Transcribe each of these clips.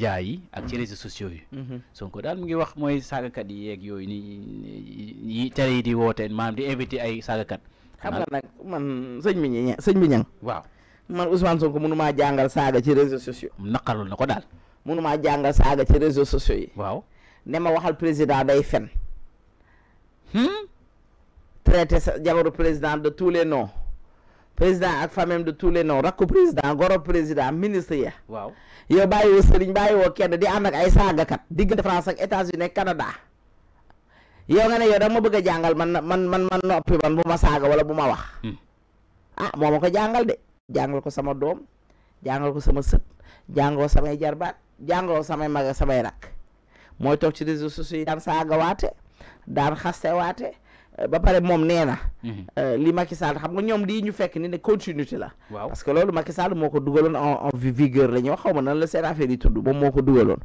yaay ak ci réseaux sociaux yi sonko dal mu ngi wax mooy saagakat yi ak yoy ni yi télé di woté manam di invité ay saagakat xam nga nak man señ mi ñi señ mi ñang waaw man Ousmane Sonko mënu jangal jàngal saaga ci réseaux sociaux nakalul nako dal daal mënu maa jàngal saaga ci réseaux sociaux yi waaw ne ma waxal président day fen hmm? traité jabaru président de tous les noms président ak famem de tous les noms rakku président goro président ministre ya waaw yow bàyyiwoo sëriñ bàyyiwoo kenn di ànd ak ay saagakat diggante France ak États-Unis ak Canada yow nga ne yow danga ma bëgg a jàngal man man man man noppi man bu ma saaga wala bu ma wax hmm. ah moo ma ko jàngal de jàngal ko sama doom jàngal ko sama sët jàngoo samay jarbaat jàngoo samay mag ak samay rakk mooy toog ci réseaux sociaux yi daan saagawaate daan waate Euh, ba pare moom nee na. Mhm. Euh, li Macky Sall xam nga ñoom lii ñu fekk ni ne continuité la. waaw parce que loolu Macky Sall moo ko dugaloon en en vigueur la ñuy wax xaw ma nan la seen affaire yi tudd moom moo ko dugaloon.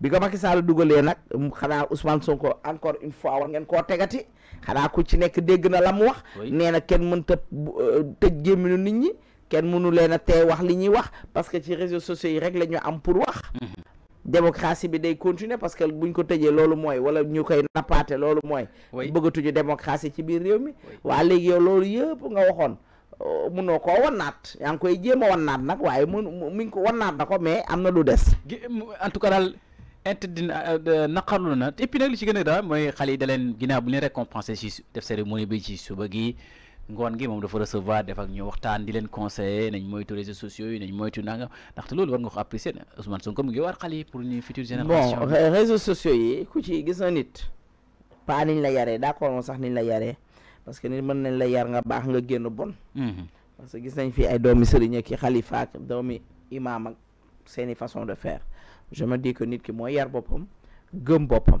bi ko Macky Sall dugalee nag xanaa Ousmane Sonko encore une fois war ngeen koo tegati xanaa ku ci nekk dégg na la mu wax. nee na kenn mënta euh, tëj gémminu nit ñi kenn mënu leen a tee wax li ñuy wax parce que ci réseaux sociaux yi rek la ñu am pour wax. Mhm. démocratie bi day continuer parce que bu ñu ko tëjee loolu mooy wala ñu koy nappaate loolu mooy bëggatuñu démocratie ci biir réew mi waa léegi yow loolu yëpp nga waxoon euh, mënoo koo wannaat yaa ngi koy jéem a wannaat nag waaye mu mu ngi ko wannaat na ko mais am na lu des en tout cas daal interdit euh, naqarlu na et puis nag lu ci gën a daal mooy xale yi da leen ginnaaw bu leen récompensé ci def cérémonie bi ci suba gii ngon gi moom dafa recevoir def ak ñu waxtaan di leen conseiller nañ moytu réseaux sociaux yi nañ moytu nangam ndaxte loolu war nga ko apprécier Ousmane Sonko mu ngi war xali pour ñu future génération bon réseaux sociaux yi ku ci gis na nit pa niñ la yaré d'accord mo sax niñ la yaré parce que nit mën nañ la yar nga bax nga génn bon mm-hmm. parce que gis nañ fi ay doomi serigne ki khalifa ak doomi imam ak seeni façon de faire je me dis que nit ki mooy yar bopam gëm bopam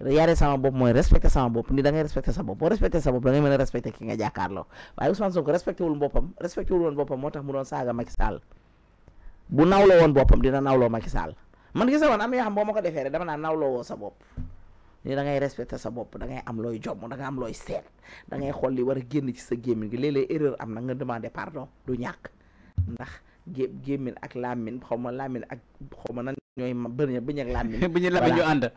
yaree sama bopp mooy respecté sama bopp ni da ngay respecté sa bopp boo respecté sa da ngay mën a respecté ki nga jàkkaarloo bu nawloo boppam dina nawloo Macky Sall man gis man am na yoo xam boo ma ko defee rek dama naa nawloo woo sa bopp ni da ngay respecté sa bopp da ngay am looy jomm da ngay am looy seet da ngay xool li war a génn ci sa gémmiñ gi léeg-léeg am na nga pardon du ñàkk ndax gé gémmiñ ak làmmiñ xaw ma làmmiñ ak xaw ma nan ñooy bëñ bëñ ak làmmiñ bëñ ak ñu ñoo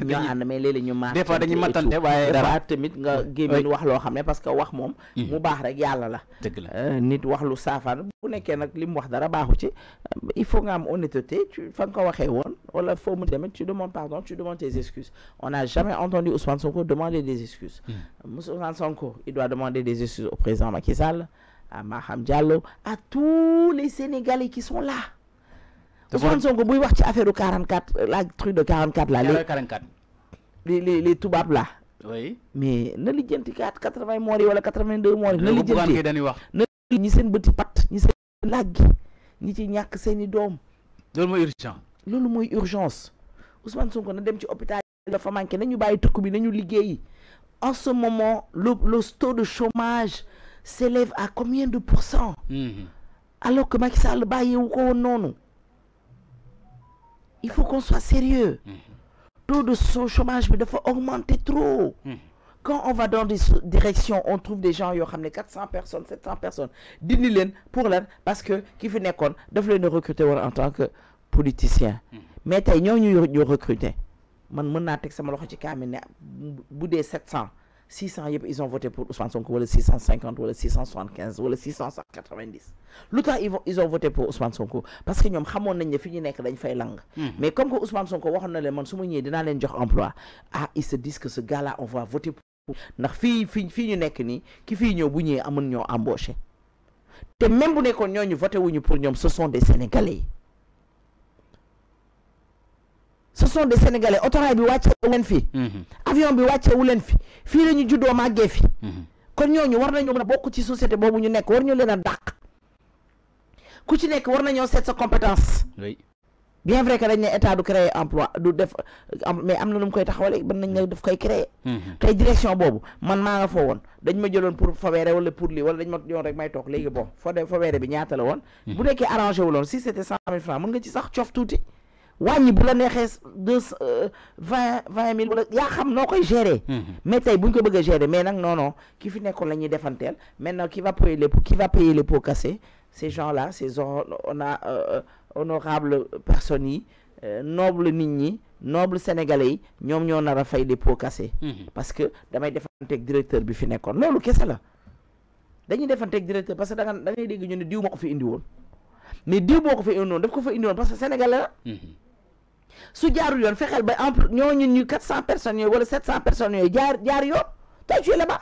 ñu ñoo mais lélé ñu maat des fois dañuy matanté waye dara tamit nga gémmiñ wax lo xam parce que wax mom hmm. mu baax rek yalla la dëgg la euh, nit wax lu safar bu nekké nak lim wax dara baaxu ci il faut nga am honnêteté tu fa nga ko waxee wala foo mu demee tu demandes pardon tu demandes tes excuses on a jamais entendu Ousmane Sonko demander des excuses hmm. Monsieur Ousmane Sonko il doit demander des excuses au président Macky Sall à Maham Diallo à tous les Sénégalais qui sont là Ousmane Sonko buy wax ci 44 euh, truc de 44 là. les 44 les les les oui mais na li mois, 80 mois wala 82 mois na li seen c'est pat ñi seen lag ñi ci ñak seen doom. mois. urgence Ousmane Sonko na dem ci hôpital dafa manqué nañu bàyyi tukku bi nañu liggéeyi en ce moment le le taux de chômage s'élève à combien de pourcents. Mhm. alors que Macky Sall bàyyiwu ko non mois il faut qu'on soit sérieux. Taux mm-hmm. de chômage il faut augmenter trop. Mm-hmm. quand on va dans des directions on trouve des gens qui ont ramené 400 personnes 700 personnes D'une 000 pour l'aide, parce que qui fi daf recruter en tant que politicien. Mm-hmm. mais ils recruter man mën 700 600 ils ont voté pour Ousmane Sonko wala 650 wala 675 wala 690 L'autre, ils ont voté pour Ousmane Sonko parce que ñoom dit qu'ils ne fi ñu langue. dañ fay hmm. mais comme que Ousmane Sonko a na leen man su ma emploi ah ils se disent que ce gars là on va voter pour ndax fi fi fii ñu nekk ni ki fi ñëw bu ñëwee amun ñoo embauché te même bu nekkoon ñooñu voté wuñu pour ñoom ce sont des sénégalais. ce sont des sénégalais autorail bi wàcceewu leen fi. Mhm. avion bi wàcceewu leen fi fii la ñu juddoo màggee fi. Mhm. kon ñooñu war nañoo mën a bokk ci société boobu ñu nekk war ñu leen a dàq ku ci nekk war nañoo set sa compétence. bien vrai que dañ ne état du créer emploi du def mais am na lu mu koy taxawale ban nañ def koy créer mhm. tey direction boobu man maa nga foo woon dañ ma jëloon pour Fabéré wala pour lii wala dañ ma yoon rek may toog léegi bon Fabéré bi ñaata la woon. bu nekkee arrangé wu loon si c'était cent mille francs mën sax cof tuuti. wàññi bu la neexee deux euh, vingt vingt mille xam nokoy mhm. gérer. mais tay buñ ko bëgg gérer mais nak non non ki fi nekkoon lañuy défantel defanteel maintenant qui va payer les qui va payer les pots cassés ces gens là ces on a euh, euh, honorable personne yi noble nit ñi noble sénégalais yi ñoom ñoo nara fay les pots cassés. Mhm. parce que damay défanté ak directeur bi fi nekkoon lolu kessa la dañuy défanté ak directeur parce que da nga da ngay dégg ñu ne diw mako fi indi won mais diw boko ko fi indi non daf ko fa indi won parce que sénégalais la. Mhm. su jaarul yoon fexeel ba empl ñoo ñu 400 personnes yooyu wala 700 personnes yooyu jaar jaar yoon tey jii la ba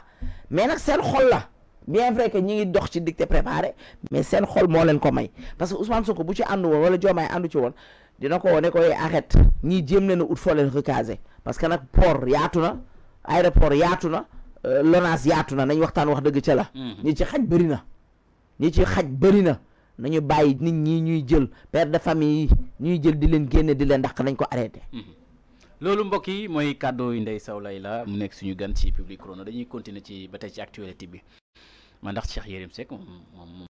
mais nag seen xol la bien vrai que ñi ngi dox ci dicté préparé mais seen xol moo leen ko may parce que Ousmane ko bu ci àndu woon wala Diomaye àndu ci woon dina ko wane koy eh, arrête ñii jéem leen a ut foo leen recaser parce que nag port yaatu na aéroport yaatu na euh, LONASE yaatu na nañ waxtaan wax dëgg ca la. Mm-hmm. ñi ci xaj bëri na. ñi ci xaj bëri na nañu bàyyi nit ñi ñuy jël père de famille yi. ñuy jël di leen génne di leen dàq ko arrêté. Mhm. loolu mbokk yi mooy kàddu yu ndey Sow Layla mu nekk suñu gan ci Public Chrono dañuy continuer ci ba tey ci actualité bi man ndax Cheikh Yérim Seck moom moom.